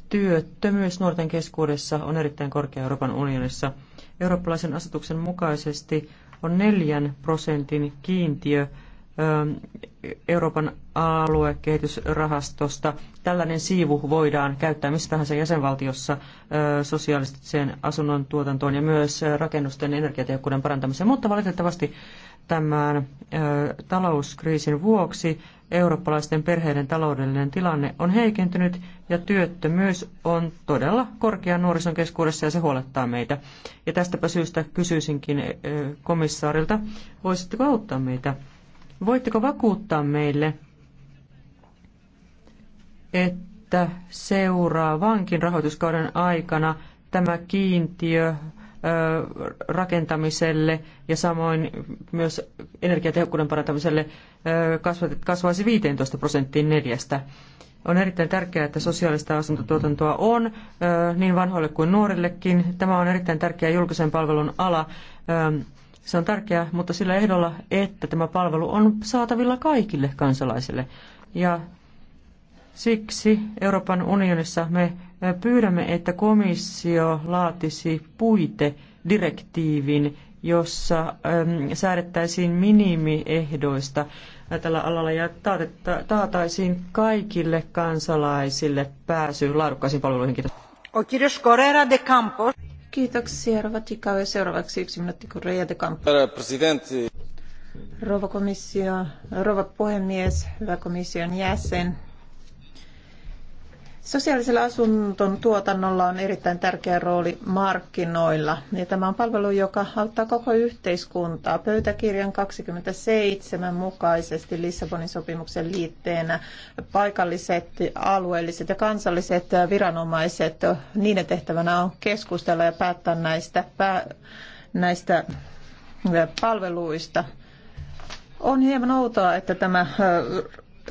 työttömyys nuorten keskuudessa on erittäin korkea Euroopan unionissa. Eurooppalaisen asetuksen mukaisesti on neljän prosentin kiintiö Ähm, Euroopan aluekehitysrahastosta. Tällainen siivu voidaan käyttää missä tahansa jäsenvaltiossa äh, sosiaaliseen asunnon tuotantoon ja myös äh, rakennusten energiatehokkuuden parantamiseen, mutta valitettavasti tämän äh, talouskriisin vuoksi eurooppalaisten perheiden taloudellinen tilanne on heikentynyt ja työttömyys on todella korkea nuorison keskuudessa ja se huolettaa meitä. Ja tästäpä syystä kysyisinkin komissaarilta, voisitteko auttaa meitä Voitteko vakuuttaa meille, että seuraavankin rahoituskauden aikana tämä kiintiö rakentamiselle ja samoin myös energiatehokkuuden parantamiselle kasvaisi 15 prosenttiin neljästä. On erittäin tärkeää, että sosiaalista asuntotuotantoa on niin vanhoille kuin nuorillekin. Tämä on erittäin tärkeä julkisen palvelun ala. Se on tärkeää, mutta sillä ehdolla, että tämä palvelu on saatavilla kaikille kansalaisille. Ja siksi Euroopan unionissa me pyydämme, että komissio laatisi puitedirektiivin, jossa säädettäisiin minimiehdoista tällä alalla ja taataisiin kaikille kansalaisille pääsy laadukkaisiin palveluihin. Kiitos. O Correra de Campos. Kiitoksia, Rova Tikau. Ja seuraavaksi yksi minuutti, kun Reija de Campo. komissio, puhemies, hyvä komission jäsen. Sosiaalisella asunton tuotannolla on erittäin tärkeä rooli markkinoilla. Ja tämä on palvelu, joka auttaa koko yhteiskuntaa. Pöytäkirjan 27 mukaisesti Lissabonin sopimuksen liitteenä paikalliset, alueelliset ja kansalliset viranomaiset, niiden tehtävänä on keskustella ja päättää näistä, näistä palveluista. On hieman outoa, että tämä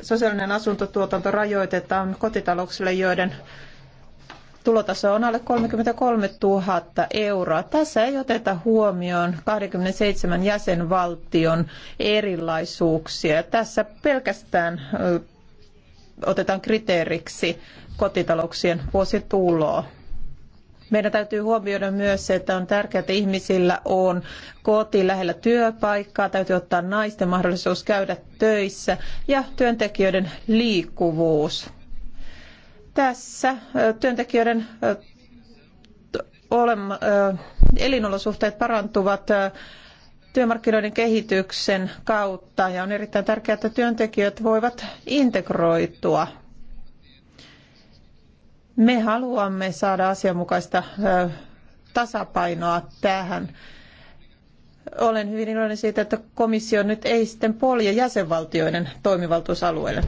sosiaalinen asuntotuotanto rajoitetaan kotitalouksille, joiden tulotaso on alle 33 000 euroa. Tässä ei oteta huomioon 27 jäsenvaltion erilaisuuksia. Tässä pelkästään otetaan kriteeriksi kotitalouksien vuosituloa. Meidän täytyy huomioida myös se, että on tärkeää, että ihmisillä on koti lähellä työpaikkaa, täytyy ottaa naisten mahdollisuus käydä töissä ja työntekijöiden liikkuvuus. Tässä työntekijöiden elinolosuhteet parantuvat työmarkkinoiden kehityksen kautta ja on erittäin tärkeää, että työntekijät voivat integroitua me haluamme saada asianmukaista tasapainoa tähän. Olen hyvin iloinen siitä, että komissio nyt ei sitten polje jäsenvaltioiden toimivaltuusalueelle.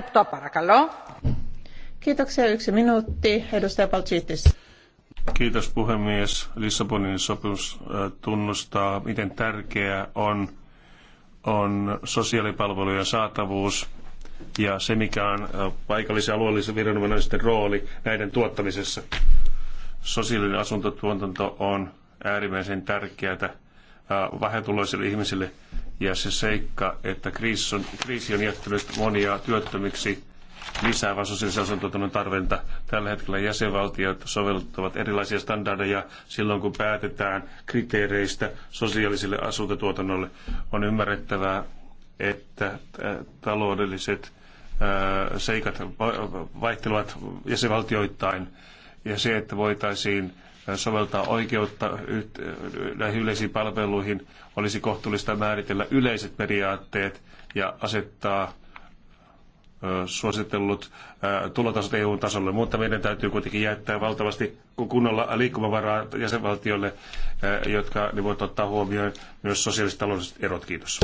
Kiitoksia. Yksi minuutti. Edustaja Palcitis. Kiitos puhemies. Lissabonin sopimus tunnustaa, miten tärkeää on, on sosiaalipalvelujen saatavuus ja se, mikä on paikallisen alueellisen viranomaisten rooli näiden tuottamisessa. Sosiaalinen asuntotuotanto on äärimmäisen tärkeää vähätuloisille ihmisille ja se seikka, että kriisi on, kriisi on jättänyt monia työttömiksi lisäävä sosiaalisen asuntotuotannon tarventa. Tällä hetkellä jäsenvaltiot soveltavat erilaisia standardeja silloin, kun päätetään kriteereistä sosiaaliselle asuntotuotannolle. On ymmärrettävää, että taloudelliset seikat vaihtelevat jäsenvaltioittain ja se, että voitaisiin soveltaa oikeutta näihin yleisiin palveluihin, olisi kohtuullista määritellä yleiset periaatteet ja asettaa suositellut tulotasot EU-tasolle, mutta meidän täytyy kuitenkin jättää valtavasti kunnolla liikkumavaraa jäsenvaltioille, jotka ne voivat ottaa huomioon myös sosiaaliset taloudelliset erot. Kiitos.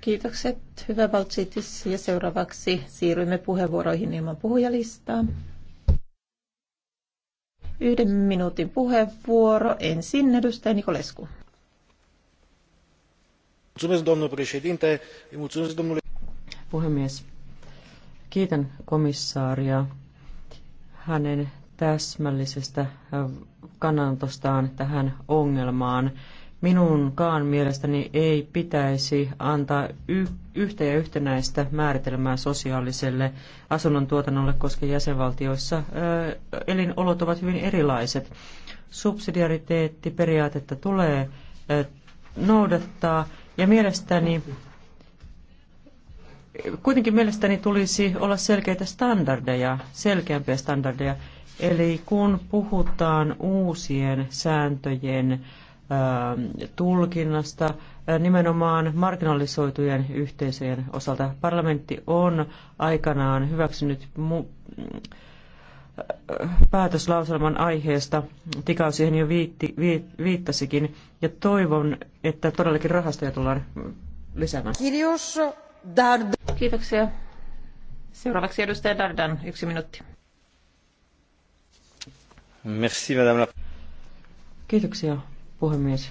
Kiitokset, hyvä Valtsitis. Ja seuraavaksi siirrymme puheenvuoroihin ilman puhujalistaa. Yhden minuutin puheenvuoro. Ensin edustaja Nikolesku. Puhemies, kiitän komissaaria hänen täsmällisestä kannanotostaan tähän ongelmaan. Minunkaan mielestäni ei pitäisi antaa yhtä ja yhtenäistä määritelmää sosiaaliselle asunnon tuotannolle, koska jäsenvaltioissa elinolot ovat hyvin erilaiset. Subsidiariteettiperiaatetta tulee noudattaa ja mielestäni, kuitenkin mielestäni tulisi olla selkeitä standardeja, selkeämpiä standardeja. Eli kun puhutaan uusien sääntöjen tulkinnasta nimenomaan marginalisoitujen yhteisöjen osalta. Parlamentti on aikanaan hyväksynyt päätöslauselman aiheesta. Tikau siihen jo viitti, vi, viittasikin. Ja toivon, että todellakin rahastoja tullaan lisäämään. Kiitoksia. Seuraavaksi edustaja Dardan, yksi minuutti. Merci, madame la... Kiitoksia, puhemies.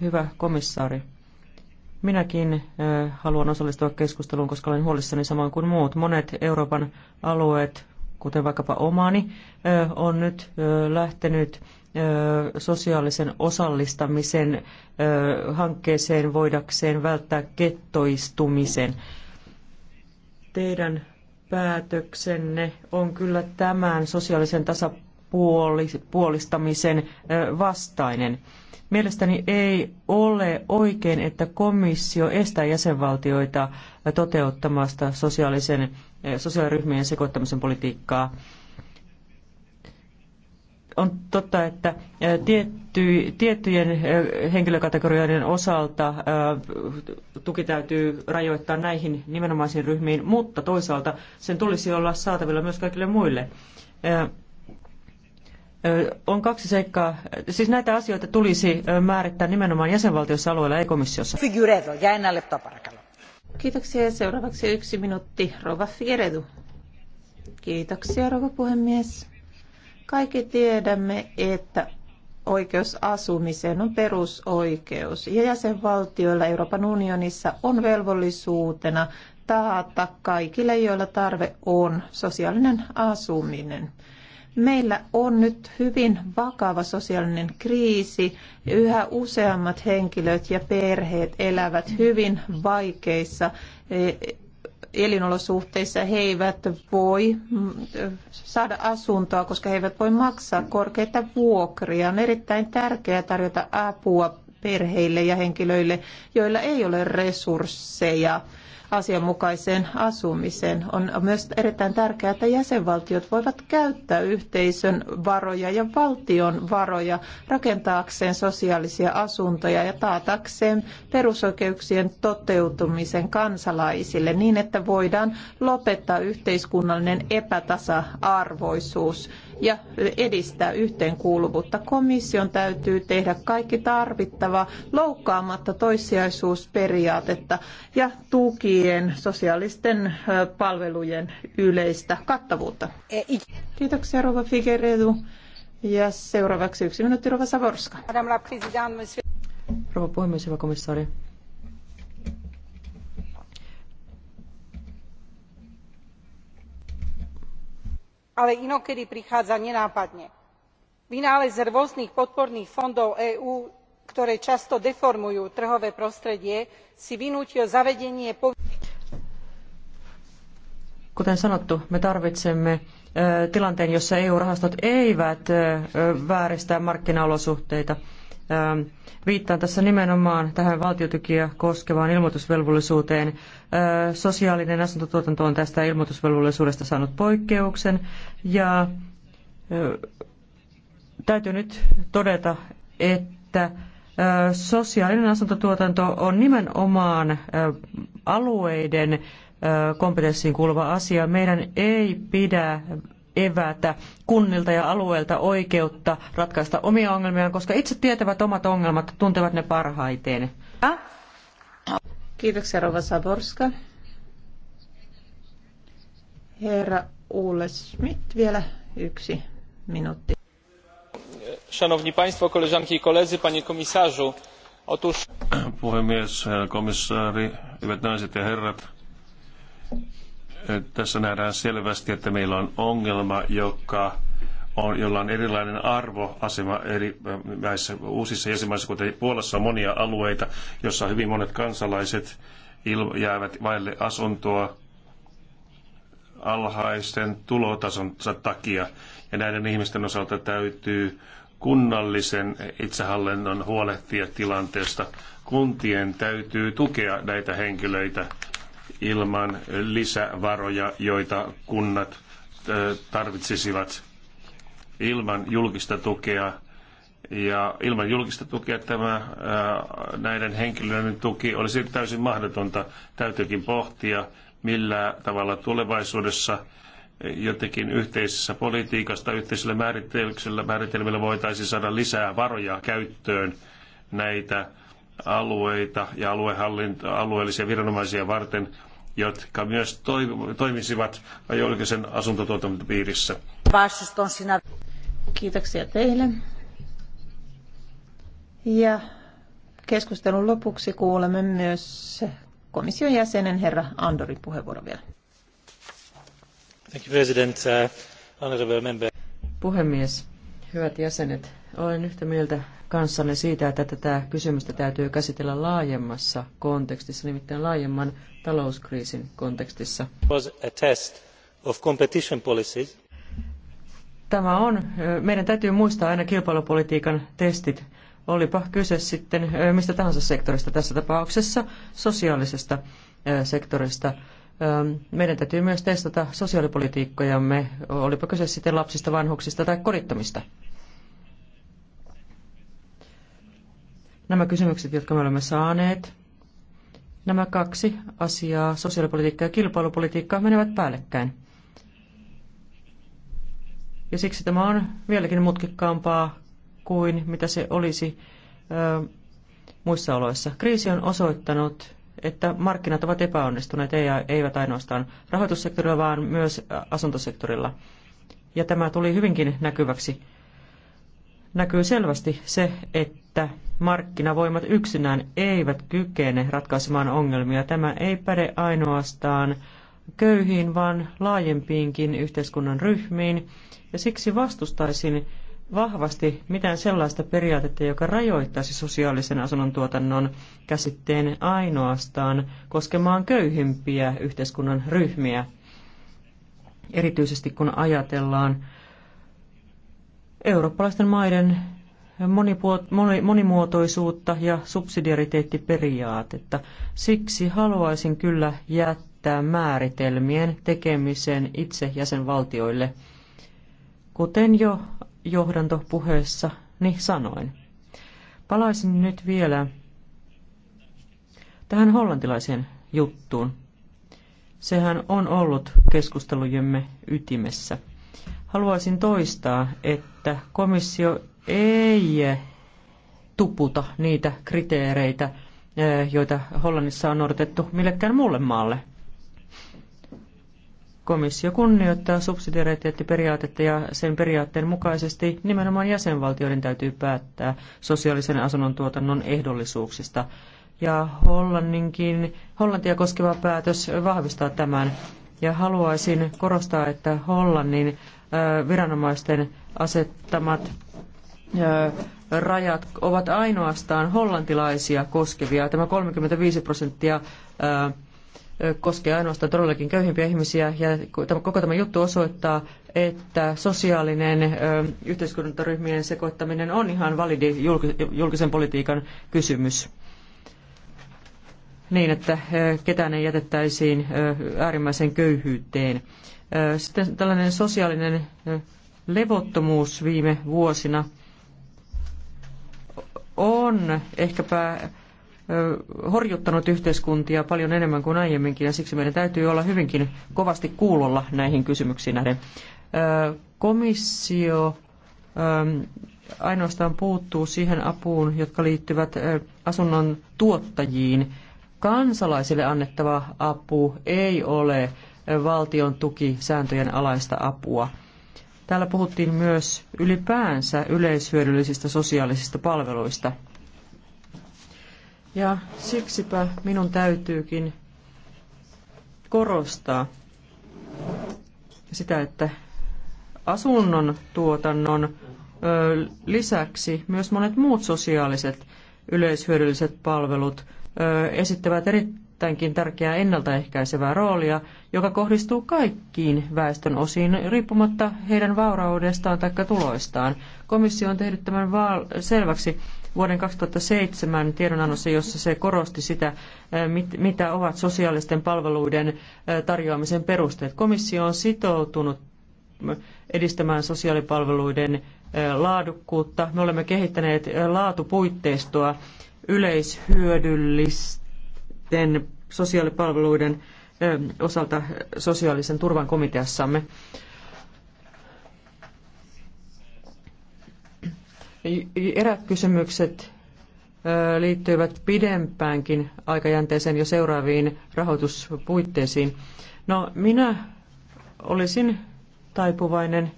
Hyvä komissaari. Minäkin haluan osallistua keskusteluun, koska olen huolissani samoin kuin muut. Monet Euroopan alueet kuten vaikkapa omani, on nyt lähtenyt sosiaalisen osallistamisen hankkeeseen voidakseen välttää kettoistumisen. Teidän päätöksenne on kyllä tämän sosiaalisen tasapuolistamisen vastainen. Mielestäni ei ole oikein, että komissio estää jäsenvaltioita toteuttamasta sosiaalisen Eh, sosiaaliryhmien sekoittamisen politiikkaa. On totta, että eh, tietty, tiettyjen eh, henkilökategorioiden osalta tuki täytyy rajoittaa näihin nimenomaisiin ryhmiin, mutta toisaalta sen tulisi olla saatavilla myös kaikille muille on kaksi seikkaa. Siis näitä asioita tulisi määrittää nimenomaan jäsenvaltiossa alueella, ei komissiossa. Figuredo, jäin enää leptoparakalla. Kiitoksia. Seuraavaksi yksi minuutti. Rova Fieredu. Kiitoksia, rouva puhemies. Kaikki tiedämme, että oikeus asumiseen on perusoikeus ja jäsenvaltioilla Euroopan unionissa on velvollisuutena taata kaikille, joilla tarve on, sosiaalinen asuminen. Meillä on nyt hyvin vakava sosiaalinen kriisi. Yhä useammat henkilöt ja perheet elävät hyvin vaikeissa e, elinolosuhteissa. He eivät voi mm, e, saada asuntoa, koska he eivät voi maksaa korkeita vuokria. On erittäin tärkeää tarjota apua perheille ja henkilöille, joilla ei ole resursseja asianmukaiseen asumiseen. On myös erittäin tärkeää, että jäsenvaltiot voivat käyttää yhteisön varoja ja valtion varoja rakentaakseen sosiaalisia asuntoja ja taatakseen perusoikeuksien toteutumisen kansalaisille niin, että voidaan lopettaa yhteiskunnallinen epätasa-arvoisuus ja edistää yhteenkuuluvuutta. Komission täytyy tehdä kaikki tarvittava loukkaamatta toissijaisuusperiaatetta ja tuki koskien sosiaalisten palvelujen yleistä kattavuutta. Ei. Kiitoksia Rova Figueredu. Ja seuraavaksi yksi minuutti Rova Savorska. Rouva puhemies, hyvä komissaari. ale inokedy prichádza nenápadne. vynález rôznych podporných fondov eú ktoré často deformujú trhové prostredie si vynútil zavedenie Kuten sanottu, me tarvitsemme e, tilanteen, jossa EU-rahastot eivät e, vääristä markkinaolosuhteita. E, viittaan tässä nimenomaan tähän valtiotukia koskevaan ilmoitusvelvollisuuteen. Sosiaalinen asuntotuotanto on tästä ilmoitusvelvollisuudesta saanut poikkeuksen ja täytyy nyt todeta, että Sosiaalinen asuntotuotanto on nimenomaan alueiden kompetenssiin kuuluva asia. Meidän ei pidä evätä kunnilta ja alueelta oikeutta ratkaista omia ongelmiaan, koska itse tietävät omat ongelmat, tuntevat ne parhaiten. Kiitoksia Rova Saborska. Herra Ulle vielä yksi minuutti panie komisarzu! otóż. puhemies komissaari hyvät naiset ja herrat tässä nähdään selvästi että meillä on ongelma joka on, jolla on erilainen arvoasema eri äh, näissä uusissa jäsenmaissa, kuten Puolassa on monia alueita, jossa hyvin monet kansalaiset jäävät vaille asuntoa alhaisten tulotasonsa takia. Ja näiden ihmisten osalta täytyy kunnallisen itsehallinnon huolehtia tilanteesta. Kuntien täytyy tukea näitä henkilöitä ilman lisävaroja, joita kunnat tarvitsisivat ilman julkista tukea. Ja ilman julkista tukea tämä näiden henkilöiden tuki olisi täysin mahdotonta. Täytyykin pohtia, millä tavalla tulevaisuudessa jotenkin yhteisessä politiikasta, yhteisellä määritelmillä, määritelmillä voitaisiin saada lisää varoja käyttöön näitä alueita ja alueellisia viranomaisia varten, jotka myös toi, toimisivat julkisen asuntotuotannon piirissä. Kiitoksia teille. Ja keskustelun lopuksi kuulemme myös komission jäsenen herra Andorin puheenvuoro vielä. Thank you, President. Uh, Puhemies, hyvät jäsenet, olen yhtä mieltä kanssanne siitä, että tätä kysymystä täytyy käsitellä laajemmassa kontekstissa, nimittäin laajemman talouskriisin kontekstissa. Tämä on, meidän täytyy muistaa aina kilpailupolitiikan testit olipa kyse sitten mistä tahansa sektorista, tässä tapauksessa sosiaalisesta sektorista. Meidän täytyy myös testata sosiaalipolitiikkojamme, olipa kyse sitten lapsista, vanhuksista tai kodittomista. Nämä kysymykset, jotka me olemme saaneet, nämä kaksi asiaa, sosiaalipolitiikka ja kilpailupolitiikka, menevät päällekkäin. Ja siksi tämä on vieläkin mutkikkaampaa kuin mitä se olisi ö, muissa oloissa. Kriisi on osoittanut, että markkinat ovat epäonnistuneet, eivät ainoastaan rahoitussektorilla, vaan myös asuntosektorilla. Ja tämä tuli hyvinkin näkyväksi. Näkyy selvästi se, että markkinavoimat yksinään eivät kykene ratkaisemaan ongelmia. Tämä ei päde ainoastaan köyhiin, vaan laajempiinkin yhteiskunnan ryhmiin. Ja siksi vastustaisin vahvasti mitään sellaista periaatetta, joka rajoittaisi sosiaalisen asunnon tuotannon käsitteen ainoastaan koskemaan köyhimpiä yhteiskunnan ryhmiä. Erityisesti kun ajatellaan eurooppalaisten maiden monimuotoisuutta ja subsidiariteettiperiaatetta. Siksi haluaisin kyllä jättää määritelmien tekemisen itse jäsenvaltioille. Kuten jo johdantopuheessani niin sanoin. Palaisin nyt vielä tähän hollantilaiseen juttuun. Sehän on ollut keskustelujemme ytimessä. Haluaisin toistaa, että komissio ei tuputa niitä kriteereitä, eh, joita Hollannissa on noudatettu millekään muulle maalle – Komissio kunnioittaa subsidiariteettiperiaatetta ja sen periaatteen mukaisesti nimenomaan jäsenvaltioiden täytyy päättää sosiaalisen asunnon tuotannon ehdollisuuksista. Ja Hollanninkin, Hollantia koskeva päätös vahvistaa tämän. Ja haluaisin korostaa, että Hollannin viranomaisten asettamat rajat ovat ainoastaan hollantilaisia koskevia. Tämä 35 prosenttia koskee ainoastaan todellakin köyhimpiä ihmisiä. Ja koko tämä juttu osoittaa, että sosiaalinen yhteiskuntaryhmien sekoittaminen on ihan validi julkisen politiikan kysymys. Niin, että ketään ei jätettäisiin äärimmäiseen köyhyyteen. Sitten tällainen sosiaalinen levottomuus viime vuosina on ehkäpä horjuttanut yhteiskuntia paljon enemmän kuin aiemminkin, ja siksi meidän täytyy olla hyvinkin kovasti kuulolla näihin kysymyksiin nähden. Komissio ainoastaan puuttuu siihen apuun, jotka liittyvät asunnon tuottajiin. Kansalaisille annettava apu ei ole valtion tukisääntöjen alaista apua. Täällä puhuttiin myös ylipäänsä yleishyödyllisistä sosiaalisista palveluista – ja siksipä minun täytyykin korostaa sitä, että asunnon tuotannon lisäksi myös monet muut sosiaaliset yleishyödylliset palvelut esittävät erittäinkin tärkeää ennaltaehkäisevää roolia, joka kohdistuu kaikkiin väestön osiin riippumatta heidän vauraudestaan tai tuloistaan. Komissio on tehnyt tämän selväksi vuoden 2007 tiedonannossa, jossa se korosti sitä, mitä ovat sosiaalisten palveluiden tarjoamisen perusteet. Komissio on sitoutunut edistämään sosiaalipalveluiden laadukkuutta. Me olemme kehittäneet laatupuitteistoa yleishyödyllisten sosiaalipalveluiden osalta sosiaalisen turvan komiteassamme. Erät kysymykset liittyvät pidempäänkin aikajänteeseen jo seuraaviin rahoituspuitteisiin. No, minä olisin taipuvainen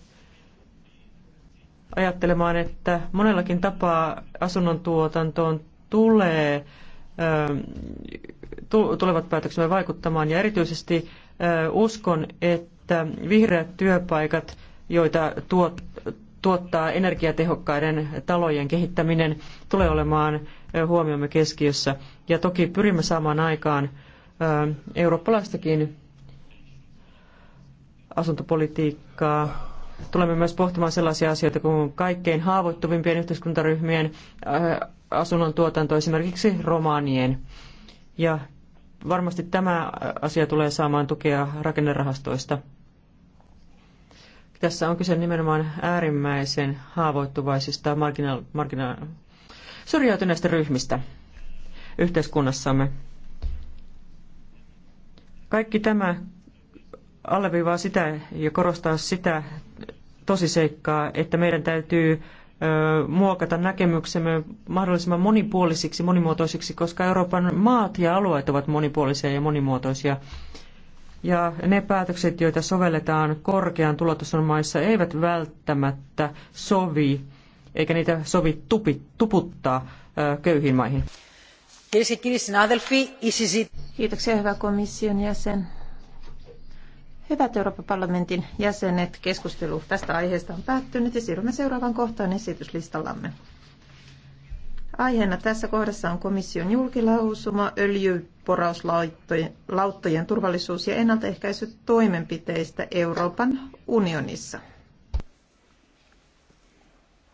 ajattelemaan, että monellakin tapaa asunnon tuotantoon tulee tulevat päätöksemme vaikuttamaan ja erityisesti uskon, että vihreät työpaikat, joita tuottaa tuottaa energiatehokkaiden talojen kehittäminen tulee olemaan huomiomme keskiössä. Ja toki pyrimme saamaan aikaan eurooppalaistakin asuntopolitiikkaa. Tulemme myös pohtimaan sellaisia asioita kuin kaikkein haavoittuvimpien yhteiskuntaryhmien asunnon tuotanto, esimerkiksi romaanien. Ja varmasti tämä asia tulee saamaan tukea rakennerahastoista. Tässä on kyse nimenomaan äärimmäisen haavoittuvaisista marginaal, marginaal, syrjäytyneistä ryhmistä yhteiskunnassamme. Kaikki tämä alleviivaa sitä ja korostaa sitä tosiseikkaa, että meidän täytyy muokata näkemyksemme mahdollisimman monipuolisiksi, monimuotoisiksi, koska Euroopan maat ja alueet ovat monipuolisia ja monimuotoisia ja ne päätökset, joita sovelletaan korkean tulotason maissa, eivät välttämättä sovi, eikä niitä sovi tupi, tuputtaa köyhiin maihin. Kiitoksia hyvä komission jäsen. Hyvät Euroopan parlamentin jäsenet, keskustelu tästä aiheesta on päättynyt ja siirrymme seuraavaan kohtaan esityslistallamme. Aiheena tässä kohdassa on komission julkilausuma öljyporauslauttojen turvallisuus- ja ennaltaehkäisytoimenpiteistä Euroopan unionissa.